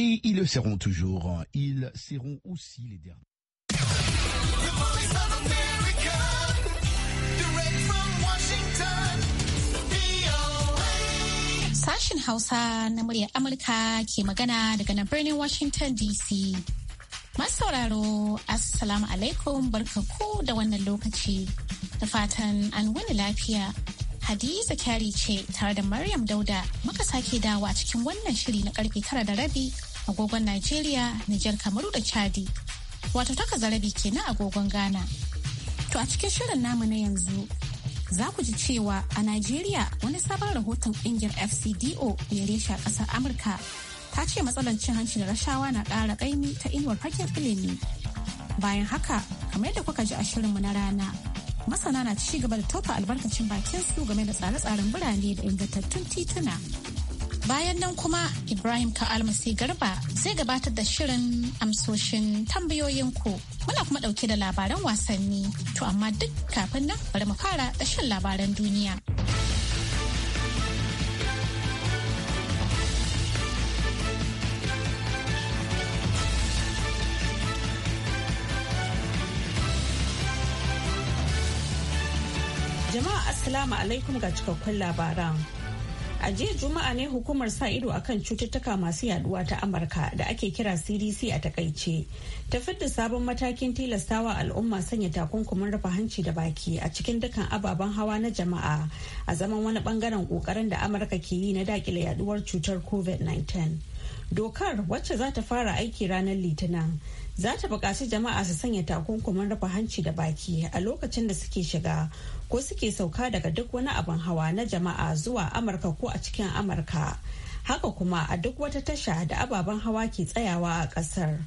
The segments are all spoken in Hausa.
Et ils le seront toujours. Hein. Ils seront aussi les derniers. Sashen Hausa na muryar Amurka ke magana daga nan birnin Washington DC. Masu Assalamu alaikum barkaku da wannan lokaci. Da fatan an wani lafiya. Hadiza Kyari ce tare da Maryam Dauda muka sake dawa cikin wannan shiri na karfe tara da rabi agogon Najeriya, Nijar, Kamaru da Chadi. Wato taka zarabi kenan agogon Ghana. To a cikin shirin namu na yanzu za ku ji cewa a Najeriya wani sabon rahoton ƙungiyar FCDO mai reshe ƙasar Amurka ta ce matsalar cin hanci da rashawa na ƙara ƙaimi ta inuwar fagen ilimi. Bayan haka, kamar yadda kuka ji a mu na rana, masana na ci gaba da tofa albarkacin bakin su game da tsare-tsaren birane da ingantattun tituna. Bayan nan kuma Ibrahim ka almasi Garba zai gabatar da shirin amsoshin tambayoyinku. Muna kuma ɗauke da labaran wasanni. To amma duk kafin nan bari mu fara dashin labaran duniya. Jama'a Assalamu alaikum ga cikakkun labaran. A jiya Juma'a ne hukumar sa ido akan cututtuka masu yaduwa ta Amurka da ake kira CDC a takaice. Ta fidda sabon matakin tilastawa al'umma sanya takunkumin rufe hanci da baki a cikin dukkan ababen hawa na jama'a a zaman wani bangaren kokarin da Amurka ke yi na dakile yaduwar cutar COVID-19. Dokar wacce za ta fara aiki ranar Litinin za ta buƙaci jama'a su sanya takunkumin rufe hanci da baki a lokacin da suke shiga ko suke sauka daga duk wani abin hawa na jama'a zuwa amurka ko a cikin amurka haka kuma a duk wata tasha da ababen hawa ke tsayawa a ƙasar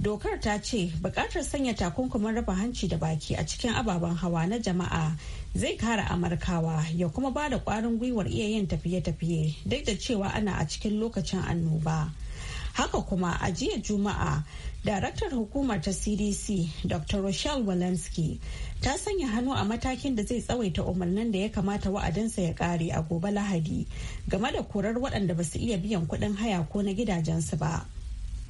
dokar ta ce buƙatar sanya takunkumin rufe hanci da baki a cikin ababen hawa na jama'a zai kara amurkawa ya kuma ba da ƙwarin gwiwar iya yin tafiye-tafiye duk da cewa ana a cikin lokacin annoba. haka kuma a jiya juma'a Daraktar hukumar ta CDC Dr. Rochelle Walensky ta sanya hannu a matakin da zai tsawaita umarnin da ya kamata wa'adinsa ya kare a gobe Lahadi game da korar waɗanda ba su iya biyan kuɗin haya ko na gidajensu ba.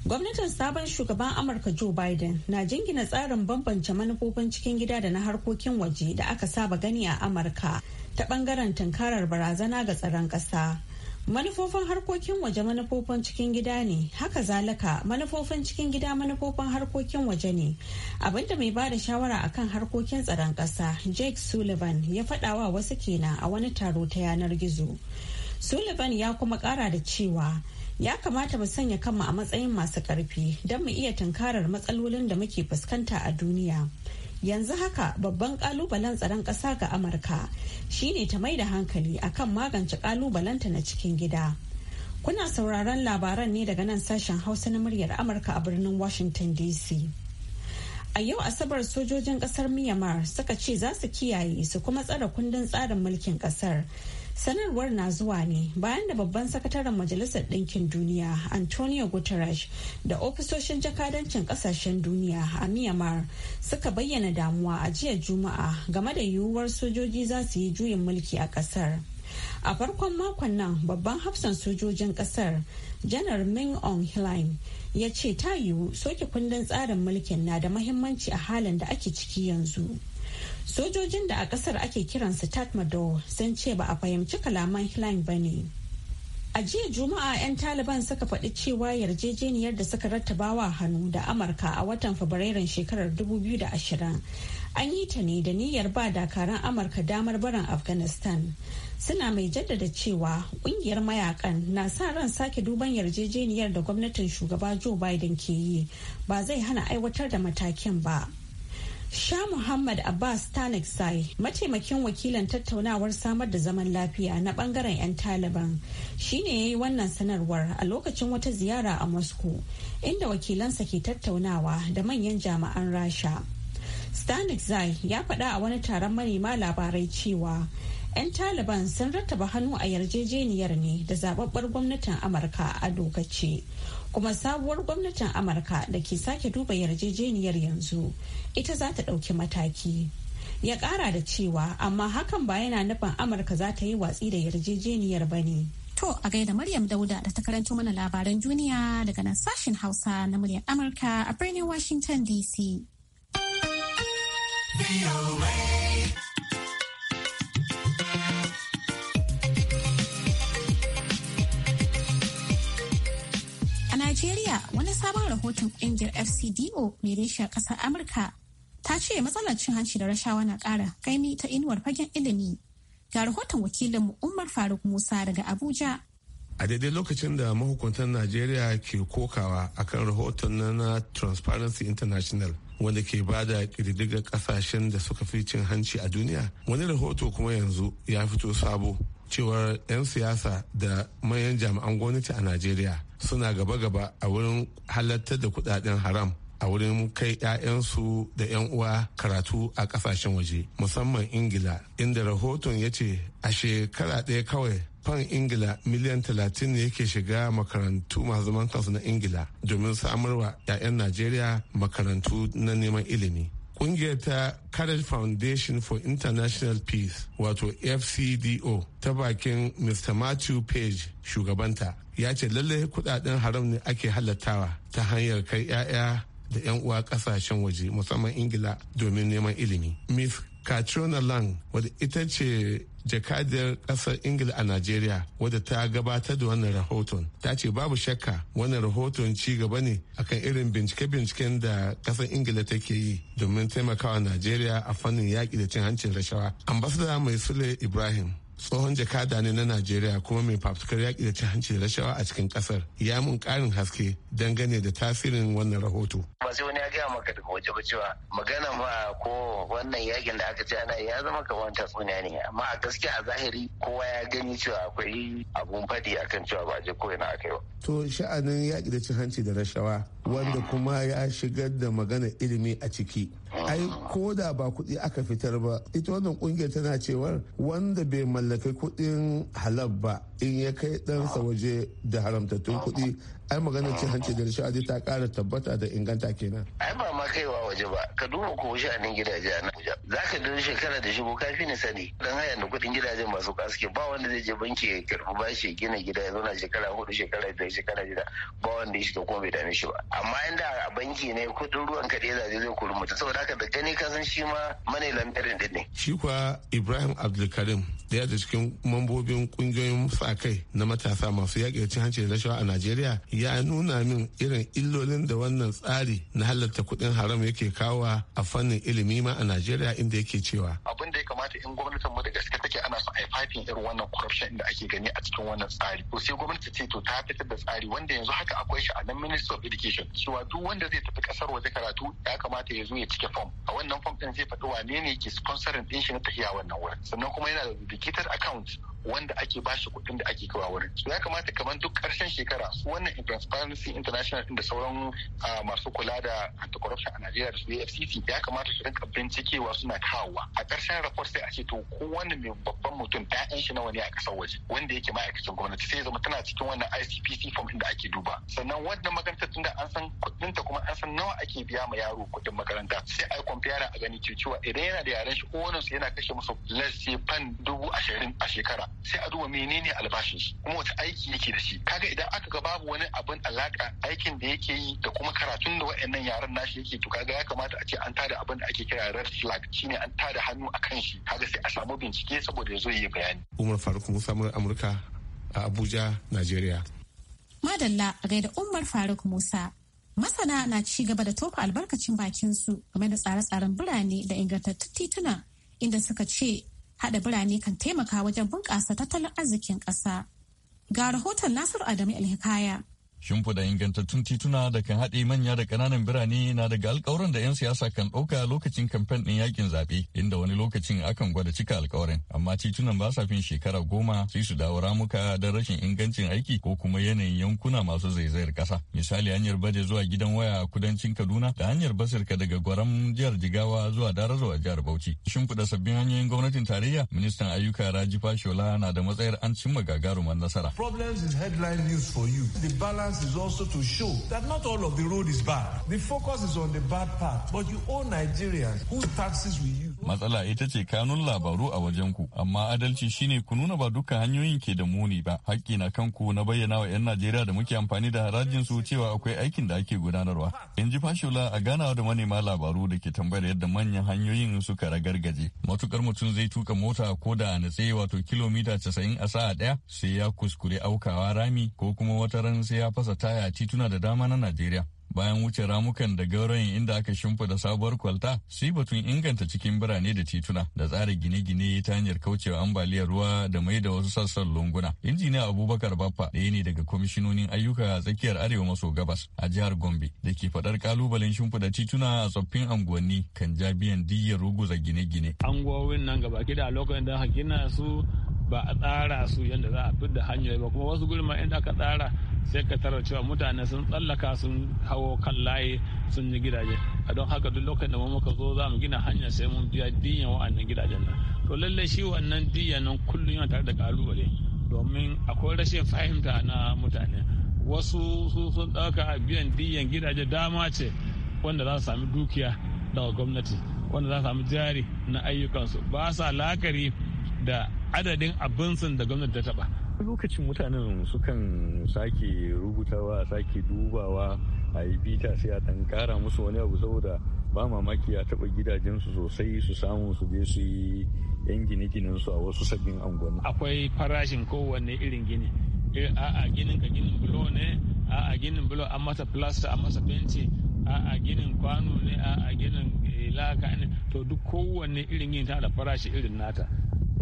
Gwamnatin sabon shugaban Amurka Joe Biden na jingina tsarin bambance manufofin cikin gida da na harkokin waje da aka saba gani a Amurka ta ɓangaren tunkarar barazana ga tsaron ƙasa. manufofin harkokin waje manufofin cikin gida ne haka zalika manufofin cikin gida manufofin harkokin waje ne abinda mai bada shawara akan harkokin tsaron ƙasa jake sullivan ya faɗawa wasu kenan a wani taro ta yanar gizo sullivan ya kuma ƙara da cewa ya kamata mu sanya kanmu a matsayin masu ƙarfi don mu iya tunkarar matsalolin da muke fuskanta a duniya. yanzu haka babban kalubalen tsaron ƙasa ga amurka shine ta mai da hankali akan magance kalubalenta na cikin gida kuna sauraron labaran ne daga nan sashen hausa na muryar amurka a birnin washington dc a yau asabar sojojin ƙasar myanmar suka ce za su kiyaye su kuma tsare kundin tsarin mulkin kasar sanarwar na zuwa ne bayan da babban sakataren majalisar ɗinkin duniya antonio guterres da ofisoshin jakadancin ƙasashen duniya a myanmar suka bayyana damuwa a jiya juma'a game da yiwuwar sojoji za su yi juyin mulki a ƙasar a farkon makon nan babban hafsan sojojin ƙasar janar ming on hlaing ya ce ta yiwu soke kundin tsarin mulkin na da mahimmanci a halin da ake ciki yanzu. sojojin da a kasar ake kiran kiransu tatmado sun ce ba a fahimci kalaman hillary ba ne a jiya juma'a 'yan taliban suka faɗi cewa yarjejeniyar da suka rattabawa hannu da amurka a watan fabrairun shekarar 2020 an yi ta ne da niyyar ba dakaran amurka damar barin afghanistan suna mai jaddada cewa kungiyar mayakan na sa ran sake duban yarjejeniyar da gwamnatin shugaba joe biden ke yi ba zai hana aiwatar da matakin ba. Sha Muhammad Abbas Tanik Sai, mataimakin wakilan tattaunawar samar da zaman lafiya na bangaren 'yan Taliban, shi ne ya yi wannan sanarwar a lokacin wata ziyara a Moscow, inda wakilansa ke tattaunawa da manyan jami'an Rasha. Stanik Zai ya faɗa a wani taron manema labarai cewa 'yan taliban sun rattaba hannu a yarjejeniyar ne da zababbar gwamnatin amurka a lokaci kuma sabuwar gwamnatin amurka da ke sake duba yarjejeniyar yanzu ita za ta ɗauki mataki ya ƙara da cewa amma hakan ba yana nufin amurka za ta yi watsi da yarjejeniyar ba ne to a gaida maryam dauda da ta karanto mana labaran duniya daga nan sashen hausa na muryar amurka a birnin washington dc Najeriya wani sabon rahoton kungiyar FCDO mai reshen kasar Amurka ta ce matsalar cin hanci da rashawa na ƙara kaimi ta inuwar fagen ilimi. Ga rahoton wakilinmu Umar Faruk Musa daga Abuja. A daidai lokacin da mahukuntan Najeriya ke kokawa akan rahoton na Transparency International wanda ke ba da ƙididdigar ƙasashen da suka fi cin hanci a duniya, wani rahoto kuma yanzu ya fito sabo cewar 'yan siyasa da manyan jami'an gwamnati a najeriya suna gaba-gaba a wurin halartar da kudaden haram a wurin kai 'ya'yansu da 'yan uwa karatu a kasashen waje musamman ingila inda rahoton ya ce a shekara ɗaya kawai fan ingila miliyan 30 ne yake shiga makarantu masu zaman kansu na ingila domin samarwa 'ya'yan najeriya makarantu na neman ilimi kungiyar ta Courage Foundation for International Peace wato FCDO ta bakin Mr. Matthew Page shugabanta ya ce lallai kudaden haram ne ake halattawa ta hanyar kai 'ya'ya da 'yan uwa kasashen waje musamman Ingila domin neman ilimi. Miss Katrina Lang wadda ita ce jakadiyar kasar ingila a najeriya wadda ta gabatar da wannan rahoton ta ce babu shakka wannan rahoton ci gaba ne akan irin bincike-binciken da kasar ingila take yi domin taimakawa najeriya a fannin yaƙi da cin hancin rashawa ambasada mai sule ibrahim tsohon jakada ne na najeriya kuma mai fafutukar yaƙi da cin hanci da rashawa a cikin ƙasar ya mun ƙarin haske dangane da tasirin wannan rahoto sai wani ya gaya maka daga waje ba cewa magana ma ko wannan yakin da aka ce ana ya zama kamar tatsuniya ne amma a gaskiya a zahiri kowa ya gani cewa akwai abun faɗi akan cewa ba je ko yana aka ba. to sha'anin yaƙi da cin hanci da rashawa wanda kuma ya shigar da magana ilimi a ciki ai ko da ba kuɗi aka fitar ba ita wannan kungiyar tana cewar wanda bai mallaki kuɗin halab ba in ya kai ɗansa waje da haramtattun kuɗi ai magana ce hanci da rashawa ta ƙara tabbata da inganta kenan. ai ba ma kaiwa waje ba ka duba ko nan gidaje a nan za ka ga shekara da shigo kafin ni sani dan haya da kuɗin gidajen masu suke ba wanda zai je banki ya karɓi bashi gina gida ya zauna shekara hudu shekara biyar shekara gida. ba wanda ya shiga kuma bai dame shi ba amma inda a banki ne kuɗin ruwan kaɗai zai kurmuta saboda haka da gani ka shi ma mane lambarin din ne shi kuwa Ibrahim Abdulkarim daya da cikin mambobin kungiyoyin sa kai na matasa masu yaƙi da cin hanci da rashawa a Najeriya ya nuna min irin illolin da wannan tsari na halarta kuɗin haram yake kawo a fannin ilimi ma a Najeriya inda yake cewa abin da ya kamata in gwamnatin mu da gaske take ana son ai fatin irin wannan corruption da ake gani a cikin wannan tsari Ko sai gwamnati ce to ta fitar da tsari wanda yanzu haka akwai shi a nan Ministry of Education cewa duk wanda zai tafi kasar waje karatu ya kamata ya zo ya cike fom a wannan fom din zai faɗi wane ne ke sponsorin ɗin shi na tafiya wannan wurin sannan kuma yana da dedicated account wanda ake ba shi kuɗin da ake kawo wurin ya kamata kamar duk ƙarshen shekara su wannan transparency international da sauran masu kula da anti-corruption a najeriya da su fcc ya kamata su rinka bincikewa suna kawowa a ƙarshen report sai a ce to ko wani mai babban mutum ɗayan shi nawa ne a ƙasar waje wanda yake ma'aikacin gwamnati sai zama tana cikin wannan icpc form da ake duba sannan wannan makarantar tunda an san kuɗin ta kuma an san nawa ake biya ma yaro kuɗin makaranta sai a yi kwamfiyara a gani cewa idan yana da yaren shi kowanne yana kashe musu lesse fan dubu ashirin a shekara sai a duba menene albashin shi kuma wata aiki yake da shi kaga idan aka ga babu wani abin alaka aikin da yake yi da kuma karatun da waɗannan yaran nashi yake to kaga ya kamata a ce an tada abin da ake kira red flag shine an tada hannu a kan shi kaga sai a samu bincike saboda ya zo yi bayani Umar Faruk Musa Amurka a Abuja nigeria. Madalla a gaida Umar Faruk Musa Masana na ci gaba da tofa albarkacin bakin su game da tsare-tsaren birane da ingantattun tituna inda suka ce Haɗa birane kan taimaka wajen bunƙasa tattalin arzikin ƙasa. Ga rahoton Nasiru Adamu Alhikaya. Shimfiɗa ingantattun tituna da kan haɗe manya da ƙananan birane na daga alƙawuran da 'yan siyasa kan ɗauka lokacin kamfen ɗin yakin zaɓe, inda wani lokacin akan gwada cika alƙawarin. Amma titunan ba sa fin shekara goma sai su dawo ramuka don rashin ingancin aiki ko kuma yanayin yankuna masu zaizayar ƙasa. Misali hanyar Baje zuwa gidan waya a kudancin Kaduna da hanyar Basirka daga Gwaram jihar Jigawa zuwa Darazo a jihar Bauchi. Shimfiɗa sabbin hanyoyin gwamnatin tarayya, ministan ayyuka rajifa shola na da matsayar an cimma gagarumar nasara. Problems is headline for you. The balance is also to show that not all of the road is bad. The focus is on the bad part, but you owe Nigerians whose taxes we use. matsala ita ce kanun labaru a wajen ku amma adalci shine ku nuna ba dukkan hanyoyin ke da muni ba haƙƙi na kanku na bayyana wa 'yan najeriya da muke amfani da harajin su cewa akwai aikin da ake gudanarwa in ji fashola a ganawa da manema labaru da ke tambayar yadda manyan hanyoyin suka ragargaje matukar mutum zai tuka mota ko da na tsaye wato kilomita casa'in a sa'a ɗaya sai ya kuskure aukawa rami ko kuma wata ran sai ya fasa taya tituna da dama na najeriya bayan wuce ramukan da gaurayin inda aka shimfida sabuwar kwalta sai batun inganta cikin birane da tituna da tsara gine-gine ta hanyar kaucewa ambaliyar ruwa da mai da wasu sassan lunguna injiniya abubakar baffa ɗaya ne daga kwamishinonin ayyuka a tsakiyar arewa maso gabas a jihar gombe da ke faɗar kalubalen shimfida tituna a tsoffin anguwanni kan jabiyan biyan diyyar ruguza gine-gine anguwowin nan gaba da lokacin da hakina su ba a tsara su yadda za a fidda hanyoyi ba kuma wasu gurin ma inda aka tsara sai ka tarar cewa mutane sun tsallaka sun hawo kan layi sun yi gidaje a don haka duk lokacin da muka zo za mu gina hanyar sai mun biya diyan wa'annan gidajen nan to lallai shi wannan diyan nan kullum yana tare da kalubale domin akwai rashin fahimta na mutane wasu su sun ɗauka biyan diyan gidaje dama ce wanda za su sami dukiya daga gwamnati wanda za su sami jari na ayyukansu ba sa lakari da adadin abinsin da gwamnati ta taba lokacin mutanen sukan sake rubutawa sake dubawa a yi bita sai a ɗan ƙara musu wani abu saboda ba mamaki a taɓa gidajensu sosai su samu su je su yi yan gine-ginen su a wasu sabbin angoni. akwai farashin kowanne irin gini eh, a ginin ka ginin bulo ne a ginin bulo an masa plaster an masa fenti a ginin kwano ne a ginin eh, laka ne to duk kowanne irin yin ta da farashi irin nata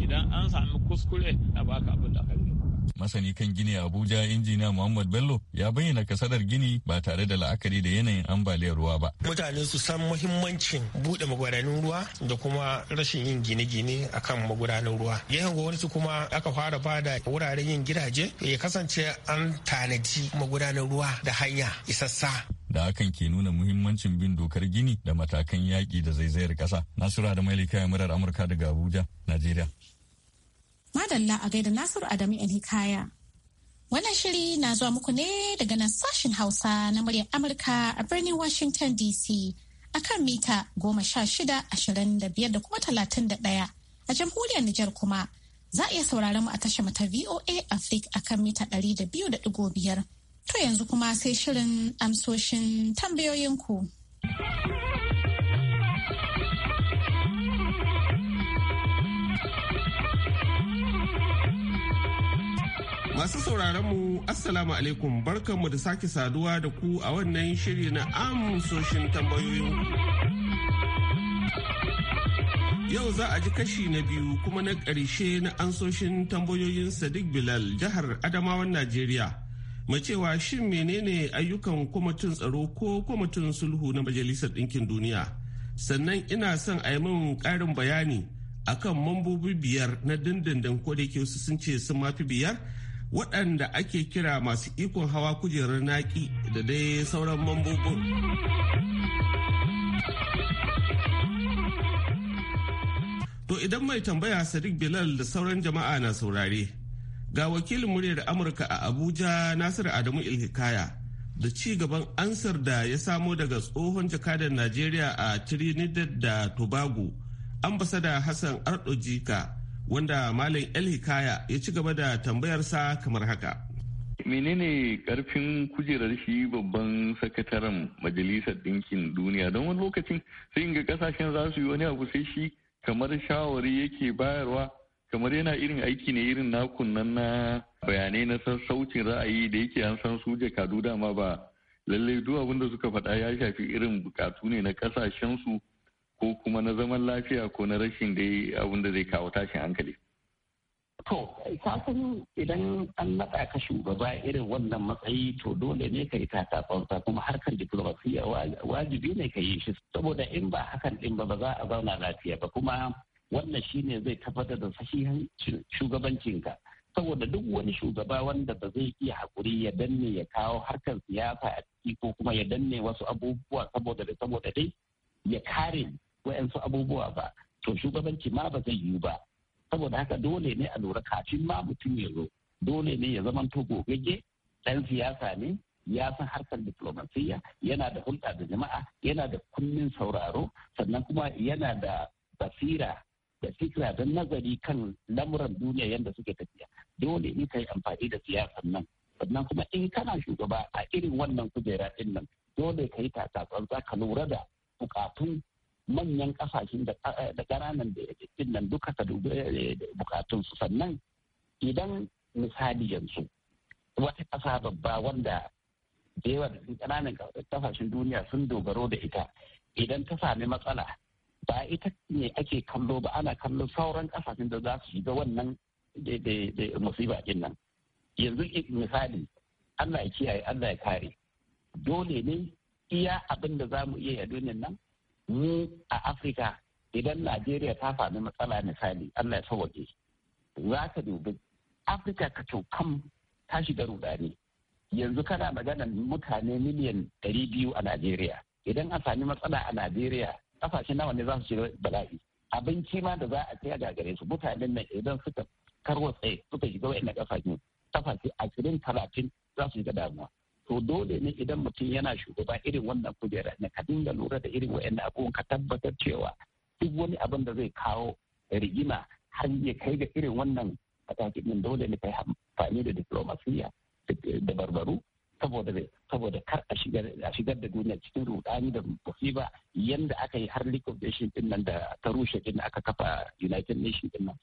idan an sami kuskure a baka abin da yi Masani kan gini Abuja injiniya Muhammad Bello ya bayyana kasadar gini ba tare da la'akari da yanayin ambaliyar ruwa ba. Mutane su san muhimmancin bude magudanin ruwa da kuma rashin yin gine-gine akan magudanin ruwa. Yayin gwamnati kuma aka fara ba da wuraren yin gidaje ya kasance an tanadi magudanin ruwa da hanya isassa. da hakan ke nuna muhimmancin bin dokar gini da matakan yaƙi da zaizayar ƙasa. Nasura da Mailika Murar Amurka daga Abuja, Najeriya. Madalla a gaida Nasiru Adamu yan hikaya. Wannan shiri na zuwa muku ne daga nan sashen Hausa na muryar Amurka a birnin Washington DC a kan mita goma sha shida ashirin da biyar da kuma talatin da ɗaya a jamhuriyar Nijar kuma za a iya sauraron mu a tashar mata VOA Africa a kan mita ɗari da biyu da ɗigo biyar. To yanzu kuma sai shirin amsoshin tambayoyinku. Masu sauraron mu Assalamu alaikum barkanmu da sake saduwa da ku a wannan shiri na amsoshin tambayoyin. Yau za a ji kashi na biyu kuma na ƙarshe na ansoshin tambayoyin Sadiq Bilal jihar Adamawan Najeriya. Mai cewa shin menene ayyukan kwamitin tsaro ko kwamitin sulhu na Majalisar Ɗinkin Duniya? Sannan ina son a yi min ƙarin bayani akan mambobi biyar na dindindin ko da ke sun ce sun mafi biyar waɗanda ake kira masu ikon hawa kujerar naki da dai sauran mambobin. To idan mai tambaya Sadiq Bilal da sauran jama'a na saurare, ga wakilin muryar Amurka a Abuja Nasiru Adamu Ilhikaya da ci gaban ansar da ya samo daga tsohon jakadar Najeriya a Trinidad da Tobago, ambasada Hassan Ardo Jika. wanda Malam El-Hikaya ya ci gaba da tambayarsa kamar haka. menene karfin kujerar shi babban sakataren majalisar ɗinkin duniya don wani lokacin sai ga kasashen za su yi wani abu sai shi kamar shawari yake bayarwa kamar yana irin aiki ne irin nakun na bayanai na sassaucin ra'ayi da yake an san su jakadu dama ba lallai duk abin da suka faɗa ya shafi irin bukatu ne na kasashen su ko kuma na zaman lafiya ko na rashin dai abin da zai kawo tashin hankali. To, kafin idan an naɗa ka shugaba irin wannan matsayi to dole ne ka yi takatsantsa kuma harkar diplomasiya wajibi ne ka yi shi saboda in ba hakan din ba ba za a zauna lafiya ba kuma wannan shine zai tabbatar da sahihancin shugabancinka. saboda duk wani shugaba wanda ba zai iya haƙuri ya danne ya kawo harkar siyasa a ciki ko kuma ya danne wasu abubuwa saboda saboda dai ya kare wa'yansu abubuwa ba to shugabanci ma ba zai yiwu ba saboda haka dole ne a lura kafin ma mutum ya zo dole ne ya zama to gogagge ɗan siyasa ne ya san harkar diplomasiya yana da hulɗa da jama'a yana da kunnin sauraro sannan kuma yana da basira da fikira don nazari kan lamuran duniya yadda suke tafiya dole ne ka yi amfani da siyasar nan sannan kuma in kana shugaba a irin wannan kujera ɗin nan dole ka yi takatsantsa ka lura da bukatun manyan kasashen da eh, ƙananan da nan duka ka dubi eh, bukatunsu sannan idan misali yanzu wata ƙasa babba wanda da yawa da ƙananan kasashen duniya sun dogaro da ita idan ta sami matsala ba ita ne ake kallo ba ana kallon sauran kasashen da za su shiga wannan musiba ɗin nan yanzu misali Allah ya kiyaye Allah ya kare dole ne iya abin da za mu iya a duniyan nan Ni a Afrika idan najeriya ta sami matsala misali allah ya sauwaje za ka dubi afrika ka kam ta shiga rudani yanzu kana maganan mutane miliyan ɗari biyu a najeriya idan a sami matsala a najeriya kasashe nawa ne za su shiga bala'i abinci ma da za a tsaya gagare su mutanen nan idan suka karwatsa suka shiga wa'in na kasashe a ashirin talatin za su shiga damuwa to dole ne idan mutum yana shugaba irin wannan kujera ne ka dinga lura da irin wa'annan abubuwan ka tabbatar cewa duk wani abin da zai kawo rigima har ya kai ga irin wannan matakin din dole ne kai amfani da diplomasiya da barbaru saboda saboda kar a shigar da duniya cikin rudani da ba yanda aka yi har liquidation din nan da ta rushe din aka kafa United Nations din nan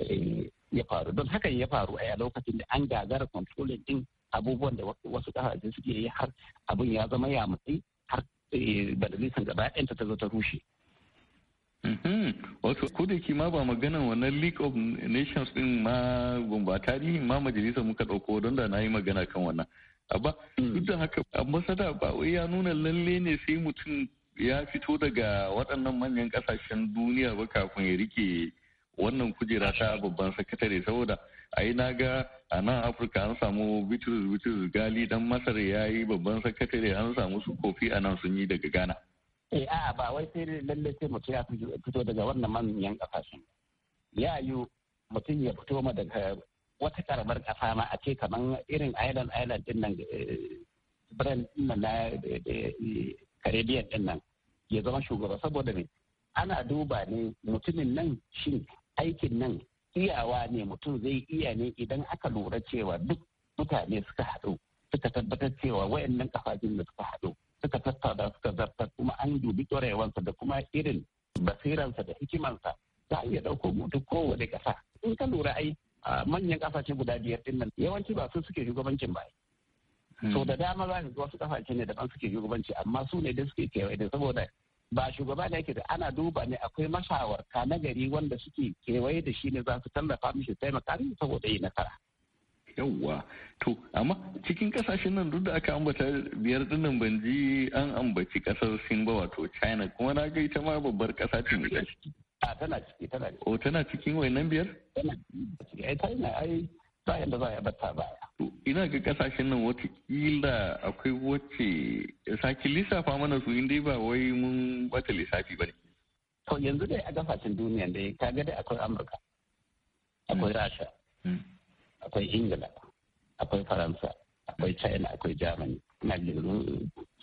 eh, ya faru don haka ya faru a lokacin da an gagara controlling din abubuwan da wasu kasashe suke yi har abin ya zama ya matsayi har badalisan eh, gaba ɗanta ta zo ta rushe. Mm-hmm. wato ko da ma ba magana wannan league of nations din ma gumba tarihi ma majalisa muka ɗauko don da na yi magana kan wannan Abba, mm. duk da haka ambasada ba wai ya nuna lalle ne sai mutum ya fito daga waɗannan manyan ƙasashen duniya ba kafin ya rike wannan kujera ta babban sakatare saboda a yi na ga a nan afirka an samu bitrus bitrus gali dan masar ya yi babban sakatare an samu su kofi a nan sun daga ghana eh a'a ba wai sai lalle sai mutum ya fito daga wannan manyan kasashen ya yi mutum ya fito ma daga wata karamar kasa ma a ce kamar irin island island din nan eh, brand din na eh, eh, caribbean din nan ya zama shugaba saboda ne ana duba ne mutumin nan shi. aikin nan iyawa ne mutum zai iya ne idan aka lura cewa duk mutane suka haɗu suka tabbatar cewa wayannan kafafin da suka haɗu suka tattauna suka zartar kuma an dubi ƙwarewansa da kuma irin basiransa da hikimansa za a iya ɗauko mutu kowane ƙasa in ka lura ai manyan ƙasashe guda biyar ɗin nan yawanci ba su suke shugabancin ba so hmm. da dama za ka ga wasu ƙasashe ne daban suke shugabanci amma su ne da suke kewaye da saboda ba shugaba ne yake da ana duba ne akwai mashawarta na gari wanda suke kewaye da shi ne za su tallafa mishi taimaka mishi saboda yi nasara yawwa to amma cikin kasashen nan duk da aka ambata biyar dinnan ban ji an ambaci kasar sin ba wato china kuma na ga ita ma babbar kasa ce mai ciki a tana ciki tana ciki o tana cikin wayannan biyar tana ciki ai china ai ba yadda za a bata baya. Ina ga kasashen nan watakila akwai wacce saki lissafa mana su inda ba wai mun bata lissafi ba ne. To yanzu dai a gafacin duniya dai ka ga dai akwai Amurka, akwai hmm. Rasha, hmm. akwai Ingila, akwai Faransa, akwai hmm. China, akwai Germany. Na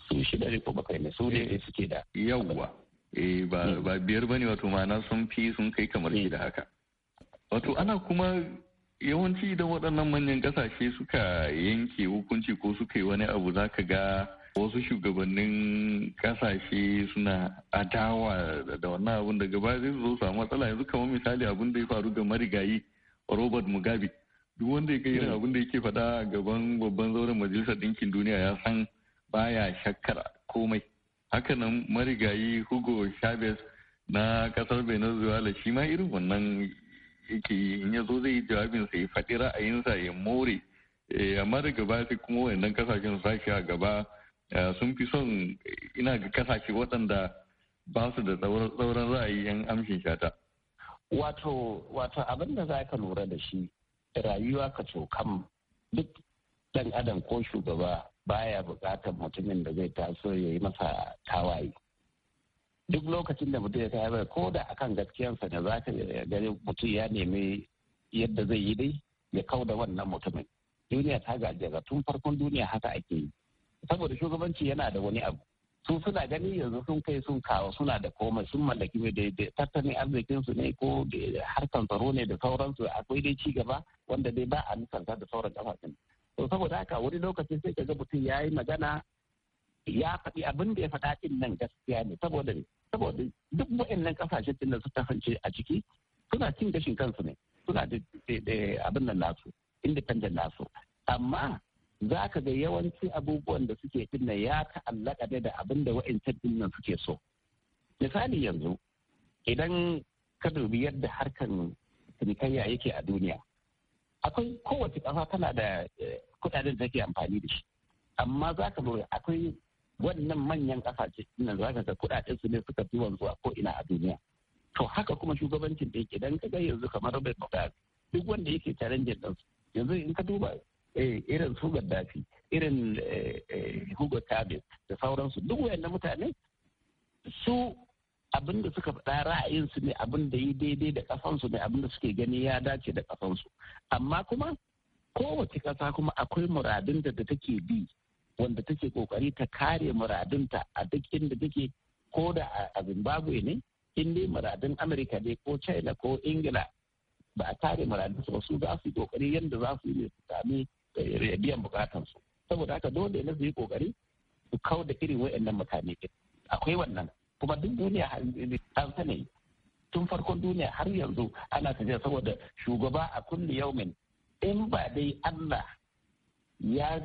su shida ne ko bakwai ne su ne eh. suke da. Yawwa. Eh ba biyar ba ne. wato ma'ana sun fi sun kai kamar shida haka. Wato ana kuma yawanci idan waɗannan manyan ƙasashe suka yanke hukunci ko suka yi wani abu za ka ga wasu shugabannin ƙasashe suna adawa da wannan abun da gaba zai zo samu matsala yanzu kamar misali abin da ya faru ga marigayi robert mugabe duk wanda ya kai irin abin da yake faɗa a gaban babban zauren majalisar ɗinkin duniya ya san baya shakkar komai hakanan marigayi hugo chavez na kasar venezuela shi ma irin wannan yake yi in ya zo zai yi jawabin sa ya faɗi ra'ayinsa ya more eh, amma daga baya sai kuma wayannan kasashen sashi a gaba eh, sun fi son ina ga kasashe waɗanda ba su da tsauran ra'ayi yan amshin shata. Wato wato abin da za ka lura da shi rayuwa ka cokam duk dan adam ko shugaba baya bukatar mutumin da zai taso ya yi masa tawaye. duk lokacin da mutum ya kai mai ko da akan gaskiyansa da za ka gani mutum ya nemi yadda zai yi dai ya kau da wannan mutumin duniya ta gajiyar tun farkon duniya haka ake yi saboda shugabanci yana da wani abu su suna gani yanzu sun kai sun kawo suna da komai sun mallaki mai da tattalin arzikinsu ne ko harkar tsaro ne da sauransu akwai dai ci gaba wanda dai ba a nisanta da sauran kafafen to saboda haka wani lokaci sai ka ga mutum ya yi magana ya faɗi abin da ya faɗa ɗin nan gaskiya ne saboda saboda duk waɗannan kasashen ɗin da su tafance a ciki suna cin gashin kansu ne suna da abin nan nasu independent nasu amma za ka ga yawanci abubuwan da suke ɗin nan ya ta'allaka ne da abin da waɗancan ɗin nan suke so misali yanzu idan ka dubi yadda harkan cinikayya yake a duniya akwai kowace ƙasa tana da eh, kuɗaɗen da take amfani da shi amma za ka akwai wannan manyan kasashe nan za ka ga kudaden su ne suka fi wanzu ko ina a duniya to haka kuma shugabancin da yake dan kaga yanzu kamar Robert Mugabe duk wanda yake challenge din su yanzu in ka duba eh, irin su Gaddafi irin eh, eh, Hugo Chavez da sauransu duk wayannan mutane su abin da suka faɗa ra'ayin su ne abin da yi daidai da kasansu ne abin da suke gani ya dace da su amma kuma kowace kasa kuma akwai muradin da take bi wanda take kokari ta kare muradunta a duk inda take ko da a zimbabwe ne in dai muradin amurka ne ko china ko ingila ba a kare muradunsu ba su za su kokari yadda za su yi su sami eh, biyan bukatansu saboda haka dole ne su yi kokari su kau da irin wa'annan mutane akwai wannan kuma duk duniya an sani tun farkon duniya har yanzu ana tafiya saboda shugaba a kulli yaumin in ba dai allah ya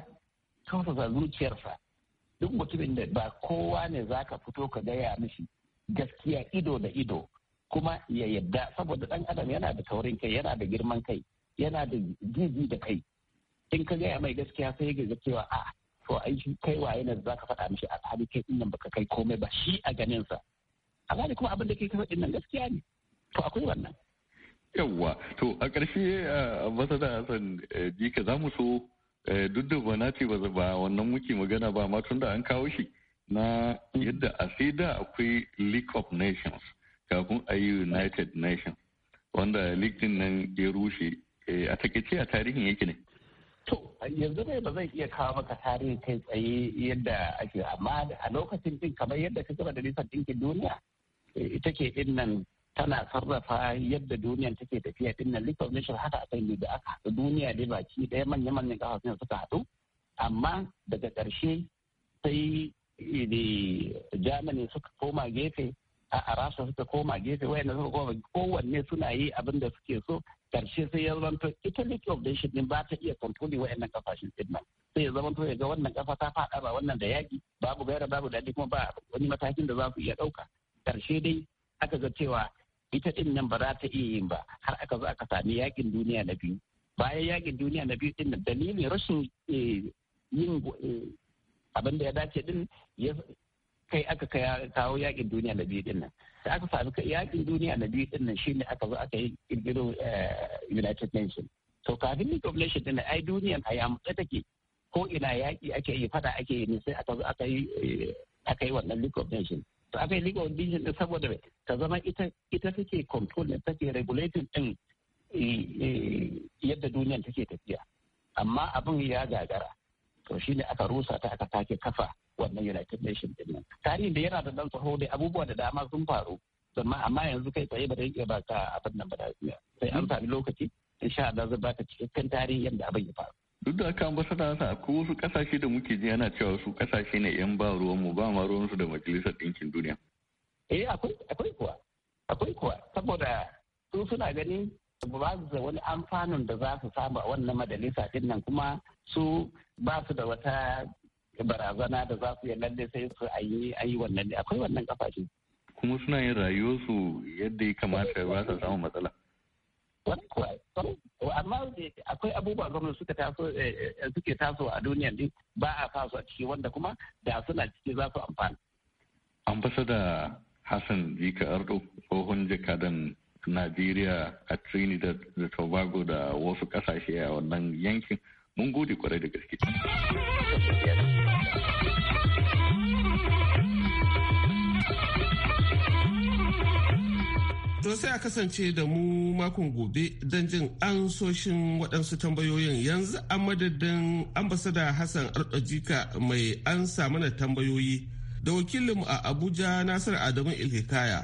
tausasa zuciyarsa duk mutumin da ba kowa ne za ka fito ka gaya mishi gaskiya ido da ido kuma ya yadda saboda ɗan adam yana da taurin kai yana da girman kai yana da jiji da kai in ka gaya mai gaskiya sai ga cewa a to ai shi kai waye ne za ka faɗa mishi a hali kai din nan baka kai komai ba shi a ganin sa amma kuma abin da kai ka faɗin nan gaskiya ne to akwai wannan yawwa to a ƙarshe eh, masana san eh, jika za so Eh, duk da ba na ce ba wannan muke magana ba amma tun da an kawo shi na yadda a sai da akwai league of nations kafin a yi united nations wanda league nan ya rushe eh, a takaice a tarihin yake ne to yanzu ne ba zai iya kawo maka tarihi kai tsaye yadda ake amma a lokacin din kamar yadda ka gaba da nisan ɗinkin duniya eh, ita ke din nan tana sarrafa yadda duniyar take tafiya din nan liquid nation haka akai yi da aka haɗu duniya dai baki ɗaya manya manyan kasashen suka haɗu amma daga ƙarshe sai da eh, germany suka koma gefe a rasha suka koma gefe wayanda suka koma kowanne suna yi abin da suke so ƙarshe sai ya zanto ita league of nations din ba ta iya kontroli wayannan kasashen din nan sai ya zama ya ga wannan kafa ta faɗa ba wannan da yaki babu gaira babu dadi kuma ba wani matakin da za su iya ɗauka karshe dai aka ga cewa ita din nan ba za ta iya yin ba har aka zo aka sami yakin duniya na biyu bayan yakin duniya na biyu din dalilin rashin eh, yin eh, abin da ya dace din ya kai aka kawo yakin duniya na biyu din nan da aka sami yakin duniya na biyu din nan shine aka zo aka yi ƙirƙiro eh, United Nations to kafin League of Nations din ai duniyan a yamutse take ko ina yaki ake yi fada ake yi ne sai aka zo aka yi aka yi wannan League of Nations ta aka yi din saboda ta zama ita ita take control ta take regulating din eh, eh, yadda duniyan take tafiya amma abin ya gagara to shine aka rusa ta aka sake kafa wannan united nations din nan tarihin da yana da dan tsaho da abubuwa da dama sun faru amma amma yanzu kai tsaye ba da yake ba ka abin nan ba da sai an sami lokaci insha Allah zai baka cikakken tarihin yadda abin ya faru duk da haka ambasada sa ko wasu kasashe da muke ji yana cewa su kasashe ne yan ba ruwanmu ba ma ruwan su da majalisar ɗinkin duniya eh akwai kuwa akwai kuwa saboda su suna ganin ba su da wani amfanin da za su samu a wannan majalisa din nan kuma su ba su da wata barazana da za su yi lalle sai su ayi ayi wannan akwai wannan kafashe kuma suna yin su yadda ya kamata ba su samu matsala amma akwai abubuwa gwamnati suka taso eh, eh, suke taso a duniya din ba a faso a ciki wanda kuma da suna ciki za su amfana. An fasa da Hassan Jika Ardo tsohon jakadan Najeriya a Trinidad da Tobago da wasu kasashe a wannan yankin mun gode kwarai da gaske. To sai a kasance da mu makon gobe don jin ansoshin waɗansu tambayoyin yanzu a madadin ambasada Hassan Ardajika mai ansa mana tambayoyi da wakilinmu a Abuja nasar Adamu Ilhikaya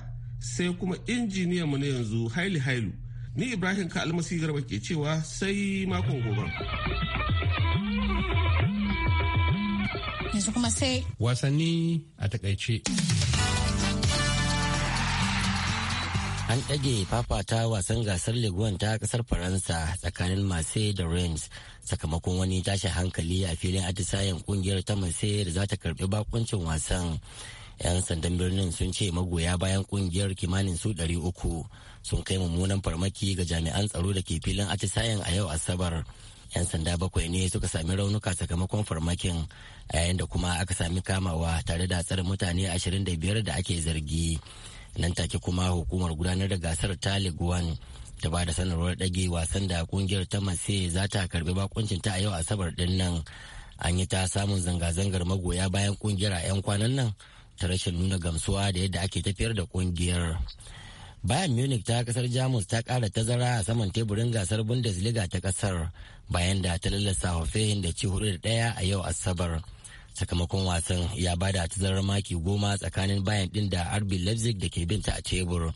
sai kuma injiniyanmu na yanzu Haili Hailu. Ni Ibrahim Ka Almasi Garba ke cewa sai makon gobe. Yanzu kuma sai wasanni a takaice. an ɗage fafata wasan gasar leguan ta ƙasar faransa tsakanin marseille da reims sakamakon wani tashin hankali a filin atisayen ƙungiyar ta marseille da za ta karɓi bakuncin wasan 'yan sandan birnin sun ce magoya bayan ƙungiyar kimanin su ɗari uku, sun kai mummunan farmaki ga jami'an tsaro da ke filin atisayen a yau asabar 'yan sanda bakwai ne suka sami raunuka sakamakon farmakin a yayin da kuma aka sami kamawa tare da tsarin mutane ashirin da biyar da ake zargi. nan take kuma hukumar gudanar da gasar ta liguan ta ba da sanarwar dage wasan da kungiyar ta mace za ta karbi bakuncin ta a yau asabar din nan an yi ta samun zanga-zangar magoya bayan kungiyar a 'yan kwanan nan ta rashin nuna gamsuwa da yadda ake tafiyar da kungiyar bayan munich ta kasar jamus ta kara tazara a saman teburin gasar bundesliga ta kasar bayan da ta lallasa hoffenheim da ci hudu da daya a yau asabar sakamakon wasan ya bada tazarar maki goma tsakanin bayan din da arbi leipzig da ke binta a tebur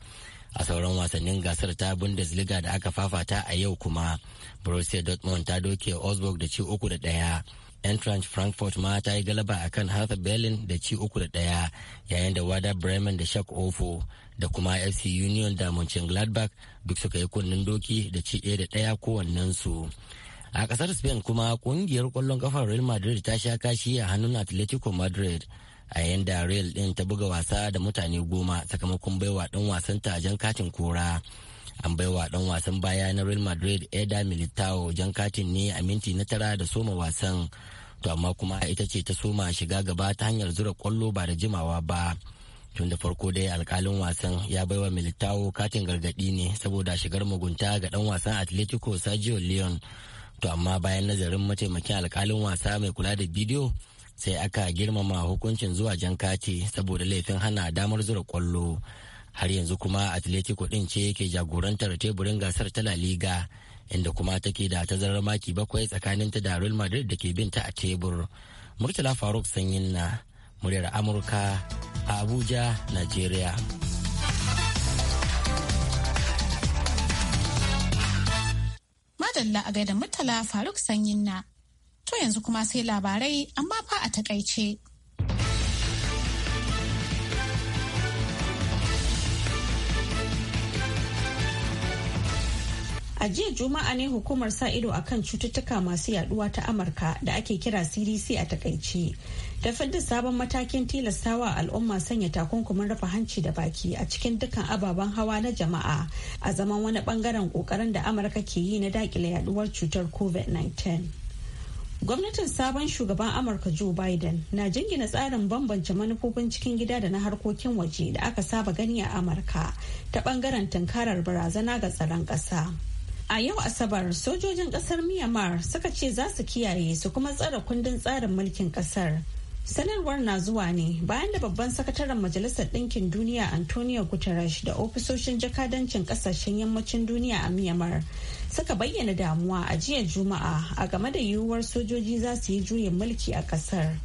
a sauran wasannin gasar ta bundesliga da aka fafata a yau kuma borussia dortmund ta doke osburg da ci uku da daya Eintracht Frankfurt ma ta yi galaba a kan Hertha Berlin da ci uku da ɗaya yayin da Wada Bremen da Shak Ofo da kuma FC Union da Mönchengladbach duk suka yi kunnen doki da ci ɗaya da ɗaya kowannensu. a kasar spain kuma kungiyar kwallon kafar real madrid ta sha kashi a hannun atletico madrid a yayin da real din ta buga wasa da mutane goma sakamakon baiwa dan wasan ta jan katin kora an baiwa dan wasan baya na real madrid eda militao jan katin ne a minti na tara da soma wasan to amma kuma ita ce ta soma shiga gaba ta hanyar zura kwallo ba da jimawa ba tun da farko dai alkalin wasan ya baiwa militao katin gargadi ne saboda shigar mugunta ga dan wasan atletico sergio leon to amma bayan nazarin mataimakin alkalin wasa mai kula da bidiyo sai aka girmama hukuncin zuwa jan kati saboda laifin hana damar zura kwallo har yanzu kuma atletico din ce ke jagorantar teburin gasar ta la liga inda kuma take da tazarar maki bakwai tsakanin ta da real madrid da ke binta a tebur murtala faruk sanyin na muryar amurka a abuja nigeria madalla a gaida Murtala Faruk Sanyin na. To yanzu kuma sai labarai amma fa a takaice. A jiya Juma'a ne hukumar sa ido akan cututtuka masu yaduwa ta Amurka da ake kira CDC a takaice. da fidda sabon matakin tilastawa al'umma sanya takunkumin rufe hanci da baki a cikin dukkan ababen hawa na jama'a a zaman wani bangaren kokarin da amurka ke yi na dakile yaduwar cutar covid-19 gwamnatin sabon shugaban amurka joe biden na jingina tsarin bambance manufofin cikin gida da na harkokin waje da aka saba gani a amurka ta bangaren tunkarar barazana ga tsaron ƙasa. A yau Asabar sojojin kasar Myanmar suka ce za su kiyaye su kuma tsare kundin tsarin mulkin kasar Sanarwar na zuwa ne bayan da babban sakataren Majalisar Ɗinkin Duniya Antonio Guterres da ofisoshin jakadancin ƙasashen yammacin duniya a Myanmar suka bayyana damuwa a jiya Juma'a a game da yiwuwar sojoji za su yi juyin mulki a ƙasar.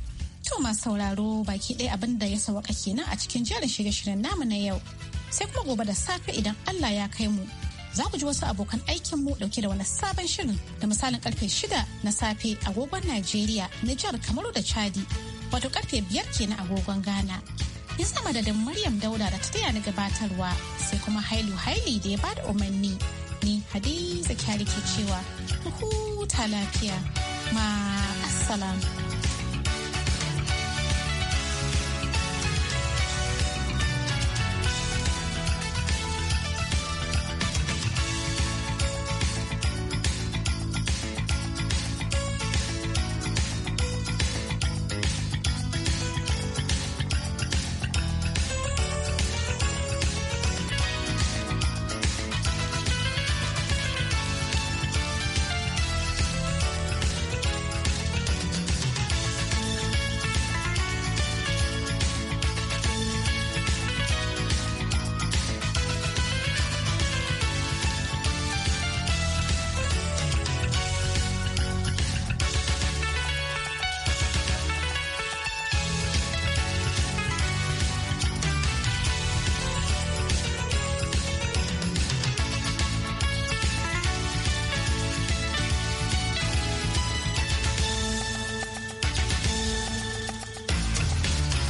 To masu sauraro baki ɗaya abin da ya sawaka kenan a cikin jerin shirye-shiryen namu na yau. Sai kuma gobe da safe idan Allah ya kai mu. Za ku ji wasu abokan aikin mu dauke da wani sabon shirin da misalin karfe shida na safe agogon Najeriya, Nijar, Kamaru da Chadi. wato karfe biyar na agogon Ghana. in sama da Maryam Dauda da ta taya ni gabatarwa sai kuma Hailu Haili da ya ba da umarni. Ni Hadiza Kyari ke cewa, huta lafiya, ma assalamu.